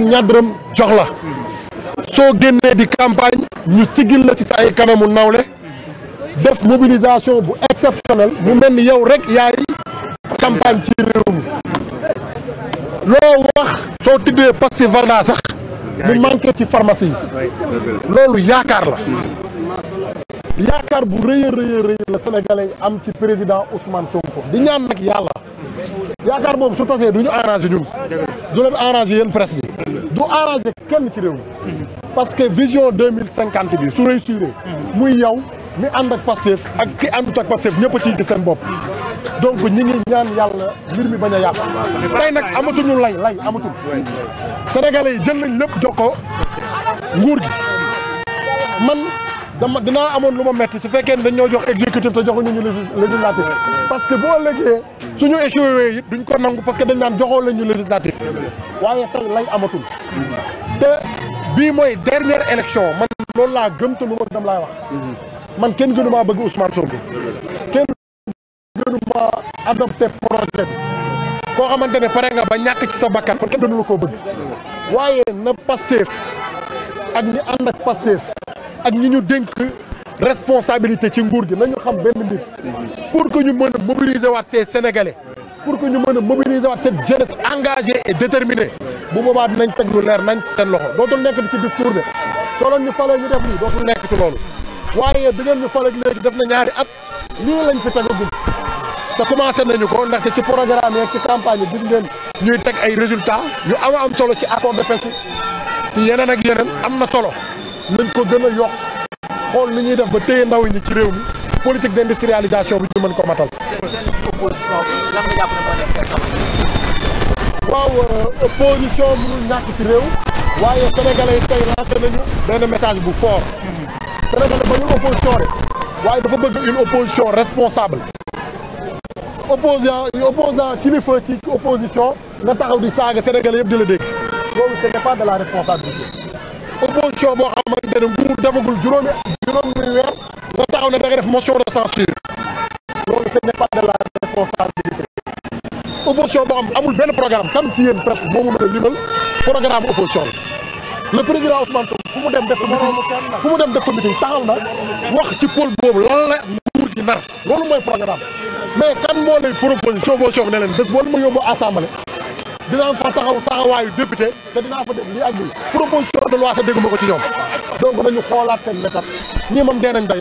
dem ñaar dërëm jox la soo génnee di campagne ñu sigil la ci sa ay kanamu nawle def mobilisation bu exceptionnelle mu mel ni yow rek yaay campagne ci réew mi loo wax soo tuddee Pastef Varda sax mu manqué ci pharmacie yi loolu yaakaar la yaakaar bu rëy a rëy a rëy la sénégalais yi am ci président Ousmane Sonko di ñaan nag yàlla yaakaar boobu su tasee du ñu arrangé ñun du leen arrangé yéen presse bi du arrangé kenn ci réew mi parce que vision deux mille cinquante bi su réussir muy yow mi ànd ak Pastef ak ki àndut ak Pastef ñëpp a di seen bopp donc ñi ngi ñaan yàlla mbir mi bañ a yàqu nag amatu ñu lay lay amatul sénégalais jël nañ lépp jox ko nguur gi man dama dinaa amoon lu ma metti su fekkee ne dañoo jox exécutif te joxuñu ñu législatif parce que boo légee suñu échoué yi duñ ko nangu parce que dañ naan joxoo la ñu législatif waaye tey lay amatul te bii mooy dernière élection man loolu laa gëm te lu ma dem laay wax man kenn gënu maa bëgg Ousmane Sonko kenn gënu maa adopté projet bi koo xamante ne pare nga ba ñàkk ci sa bakkan kon kenn gënu la koo bëgg waaye na Pastef ak ñi ànd ak Pastef ak ñi ñu dénk responsabilité ci nguur gi nañu xam benn mbir pour que ñu mën a mobiliser waat ces pour que ñu mën a mobiliser waat cette jeunesse engagée et déterminée bu boobaa dinañ teg lu leer nañ seen loxo dootul nekk di ci discours de soo leen ñu falee ñu def nii dootul nekk ci loolu waaye bi ngeen ñu falee léegi def na ñaari at nii lañ fi tegagum te commencé nañu ko ndaxte ci programme yeeg ci campagne yi gis ngeen ñuy teg ay résultat yu ama am solo ci accord de yeneen ak yeneen am na solo nañ ko gën a yokk xool ni ñuy def ba téye ndaw ñi ci réew mi politique d'industrialisation bi ñu mën ko matal. waaw euh, opposition mënul ñàkk ci réew waaye sénégalais yi tey lancé nañu benn message bu fort sénégalais ba ñu opposition rek waaye dafa bëgg une opposition responsable opposant opposant kilifa ci opposition nga taxaw di saaga sénégalais yëpp di la dégg opposition boo xam ne nguur defagul juróomi juróomi weer nga taxaw ne da nga def motion de censure loolu ce n'est pas de la responsabilité opposition boo xam amul benn programme tam ci yéen moomu mën a limal programme opposition la le président Ousmane Sonko fu mu dem def fu mu dem def fa meeting taxaw na wax ci pôle boobu lan la nguur gi nar loolu mooy programme mais kan moo lay proposition opposition bi ne leen bés boo ma yóbbu assemblée dinaa fa taxaw taxawaayu député te dinaa fa def lii ak proposition de loi dégg dégguma ko ci ñoom donc nañu xoolaat seen méthode ñii moom dee nañ day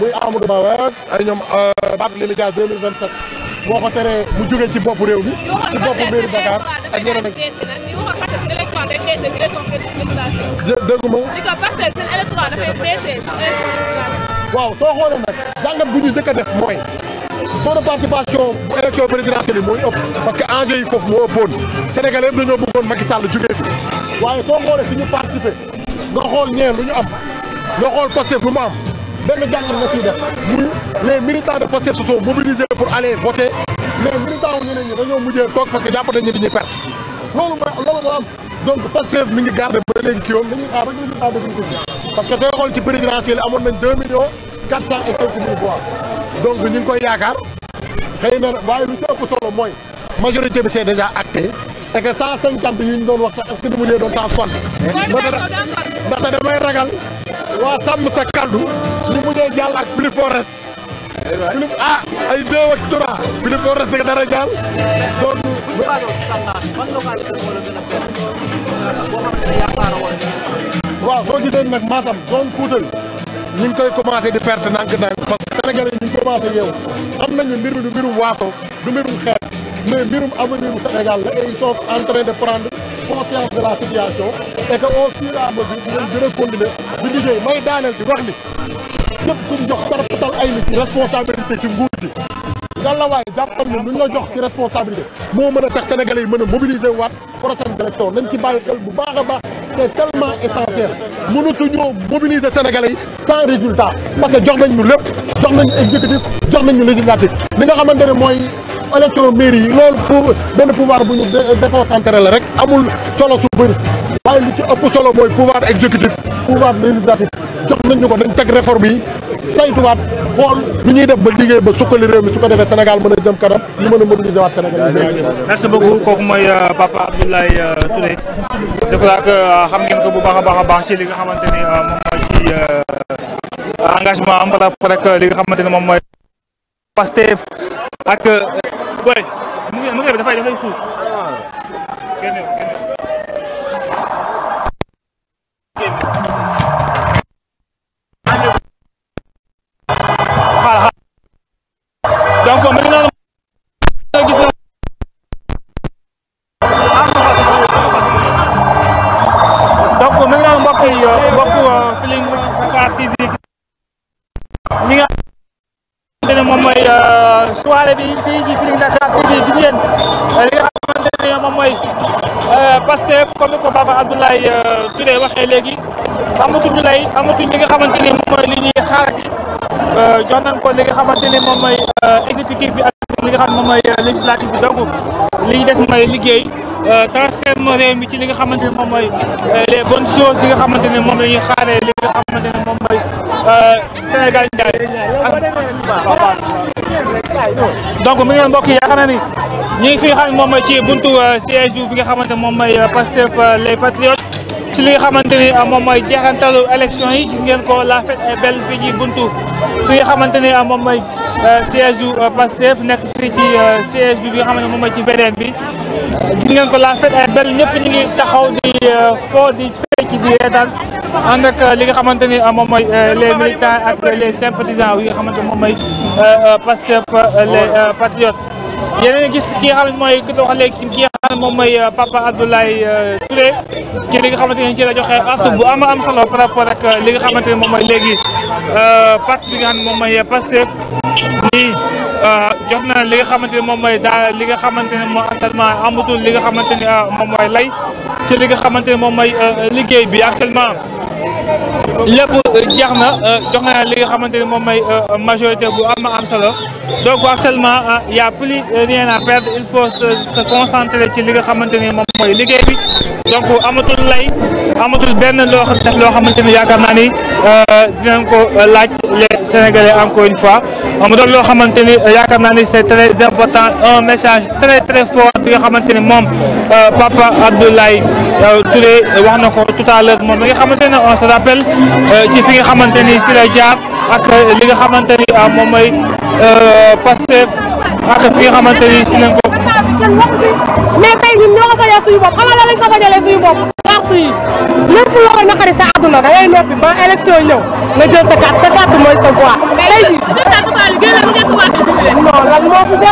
muy Amadou Ba week ay ñoom euh, Barthélémy Dias 2027 boo ko teree mu jógee ci bopp réew mi ci bopp mairie Dakar ak yeneen ak dégguma waaw soo xoolee nag jàngat bu ñu jëkk a def mooy taux de participation bu élection présidentielle yi mooy ëpp parce que enjeu yi foofu moo ëppoon Sénégalais dañoo bëggoon Macky Sall jógee fi waaye soo xoolee si ñu participer nga xool ñeen lu ñu am nga xool Pastef lu mu am benn jàngat nga ciy def muy les militants de Pastef se sont pour aller voter mais militants wu ñeneen ñi dañoo mujjee toog parce que jàpp nañ ñi dañuy mi ngi garder ba léegi kii yoon dañuy xaar rek résultat de parce que sooy xool donc ñu ngi koy yaakaar xëy lu ci solo mooy majorité bi c'est déjà acté et que 150 yi ñu doon wax sax est-ce que mu lee doon 160. ndaxte damay ragal waa sàmm sa kàddu ñu mujjee jàll ak plus fort reste. ah ay deux ak trois plus fort reste nga dara jàll donc. waaw boo gisee nag Matam zone Fouta ñu ngi koy commencé di perte ndànk-ndànk parce que sénégalais yi ñu ngi yeewu am nañu mbir mi du mbirum waaso du mbirum xeet mais mbirum avenir bu Sénégal la et ils sont de prendre conscience de la situation et que au fur et à mesure dinañ gën a continuer may daaneel di wax ni ñëpp suñ jox tarfatal ay nit ci responsabilité ci nguur gi yàlla waaye jàppal ni luñ la jox ci responsabilité moo mën a tax sénégalais yi mën a mobiliser waat prochaine élection nañ ci bàyyi xel bu a baax c'est tellement essentiel mënatuñoo mobiliser Sénégalais yi sans résultat parce que jox nañ ñu lépp jox nañ exécutif jox nañ ñu législatif li nga xamante ne mooy élection mairie yi loolu pour benn pouvoir bu ñu déconcentré la rek amul solo su bëri waaye li ci ëpp solo mooy pouvoir exécutif pouvoir législatif jox nañ ñu ko dañ teg réforme yi saytuwaat xool lu ñuy def ba liggéey ba sukkali réew mi su ko defee Sénégal mën a jëm kanam ñu mën a mobiliser waat Sénégal merci beaucoup kooku mooy euh, Papa Abdoulaye euh, Touré je crois que euh, xam ngeen ko bu baax a baax a baax ci li nga xamante ni moom ci engagement am par rapport li nga xamante ni moom mooy Pastef ak boy mu ngi dafay dafay suuf merci beaucoup Feeling Dakar TV mi nga euh, bi fii ci Feeling Dakar TV gis ngeen li nga xamante ne moom mooy euh, Pastef comme ko Papa Abdoulaye euh, Touré léegi amatuñu lay amatuñ li nga xamante ni moom li ñuy xaarati jox nañ ko li nga xamante ni moom mooy bi ak li nga xam ne moom mooy législatif bi donc li ñu des mooy liggéey Euh, transformer réew mi ci li nga xamante ne moom mooy euh, les bonnes choses yi nga xamante ne moom la ñuy xaaree li nga xamante ne moom mooy euh, Sénégal Ndiaye mi ngeen mbokk yi yaakaar naa ñu ngi fi nga xam ne moom mooy ci buntu siège bi nga xamante ne moom mooy Pastef les patriotes ci li nga xamante ni moom mooy jeexantalu élection yi gis ngeen ko la fête est belle fii ci buntu fi nga xamante ni moom mooy Euh, siège du euh, Pastef nekk fii ci euh, siège bi nga xam ne moom mooy ci VDN bi gis ngeen ko la fête ay belle ñëpp ñu ngi taxaw di foo di fecc di reetaan ànd ak li nga xamante ni moom mooy les militants ak les sympathisants yi nga xamante moom mooy Pastef les patriotes yeneen gis ki nga xam ne mooy ki wax léegi ki nga xam moom mooy Papa Abdoulaye Touré ci li nga xamante ne ci la joxe astu bu ama am solo par rapport ak li nga xamante ne moom mooy léegi parti bi nga xam ne moom mooy bi ah, jot na li nga xamante ni moom mooy daal li nga xamante ne moom actuellement amatul li nga xamante ni ah, moom mooy lay ci li nga xamante ni moom mooy ah, liggéey bi actuellement lépp jeex na jox na li nga xamante ni moom mooy majorité bu am na solo donc actuellement y a plus rien à perdre il faut se concentrer ci li nga xamante ni moom mooy liggéey bi donc amatul lay amatul benn loo xam def loo xamante ni yaakaar naa ni dinañ ko laaj les Sénégalais encore une fois mu doon loo xamante ni euh, yaakaar naa ni c'est très important un message très très fort bi nga xamante ni moom euh, Papa Abdoulaye euh, Touré wax na ko tout à l'heure moom mi nga xamante ne on se rappelle ci fi nga xamante ni fi la jaar ak li nga xamante ni moom mooy Pastef ak fi nga xamante ni fi lañ ko mais tey ñun ñoo ko fajal suñu bopp xam nga lañ ko fajalee suñu bopp parti yi lépp loo koy naqari sa àdduna da ngay noppi ba élection ñëw nga jël sa carte sa carte mooy sa voix tey Waly génn mu njëkk wax non lan moo fi a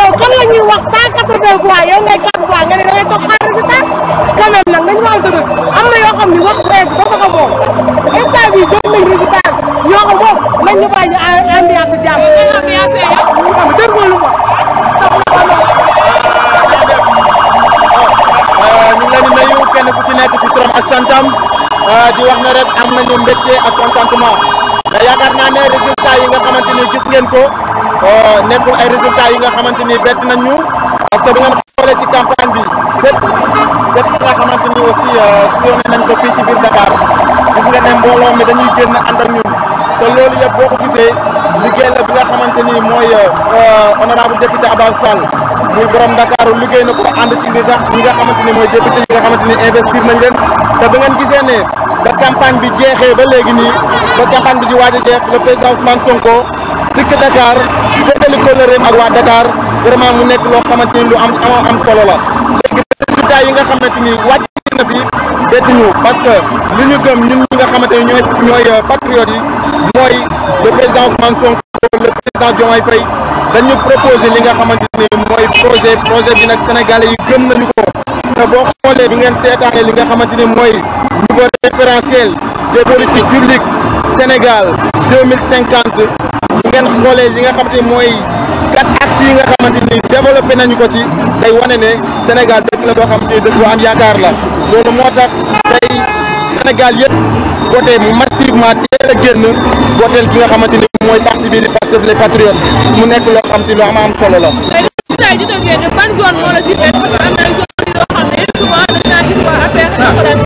yow kan la wax cent quatre-vingts fois yow ngay quatre fois ne da ngay toog xaar bi tax am na yoo xam ne wax beeg dafa ko moom instant bii jot nañ ah, ah, di wax ne rek am nañu mbégte ak contentement te yaakaar naa ne résultat yi nga xamante gis ngeen ko euh, nekkul ay résultat yi nga xamante ni bett nañ ñu parce que bu ngeen xoolee ci campagne bi bépp bépp nga xamante ni aussi sillonné euh, nañ ko fii ci biir Dakar gis nga ne mbooloo dañuy génn ànd ak ñun te loolu yëpp boo ko gisee liggéey la bi nga xamante ni mooy euh, honorable député Abass Fall muy borom Dakar liggéey na ko ànd ci li nga xamante ni mooy député yi nga xamante ni investir nañ leen te bu ngeen gisee ne. ba campagne bi jeexee ba léegi nii ba campagne bi di waaj a jeex le président Ousmane Sonko dikk Dakar feddali kóllëreem ak waa Dakar vraiment mu nekk loo xamante ni lu am amoo am solo la léegi résultat yi nga xamante ni wàcc na si bett ñu parce li ñu gëm ñun ñi nga xamante ni ñooy ñooy euh, patriotes yi mooy le président Ousmane Sonko le président Diomaye Faye dañu proposé li nga xamante ni mooy projet projet bi nag sénégalais yi gëm nañu ko te boo xoolee bi ngeen seetaanee li nga xamante ni mooy référentiel des politiques publiques Sénégal 2050 ngeen xoolee li nga xamante ni mooy quatre axes yi nga xamante ni développé nañu ko ci day wane ne Sénégal dëkk la boo xamante ni dëkk bu am yaakaar la loolu moo tax tey Sénégal yëpp voté massivement teel a génn voté ki nga xamante ni mooy parti bi di Pastef les patriotes mu nekk loo xam te lu am am solo la.